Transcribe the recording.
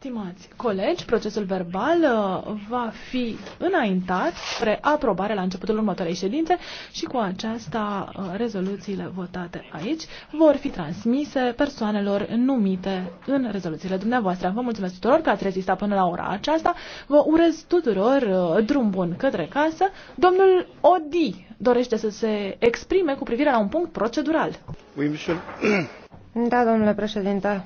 Stimați colegi, procesul verbal uh, va fi înaintat spre aprobare la începutul următoarei ședințe și cu aceasta uh, rezoluțiile votate aici vor fi transmise persoanelor numite în rezoluțiile dumneavoastră. Vă mulțumesc tuturor că ați rezistat până la ora aceasta. Vă urez tuturor uh, drum bun către casă. Domnul Odi dorește să se exprime cu privire la un punct procedural. Da, domnule președinte.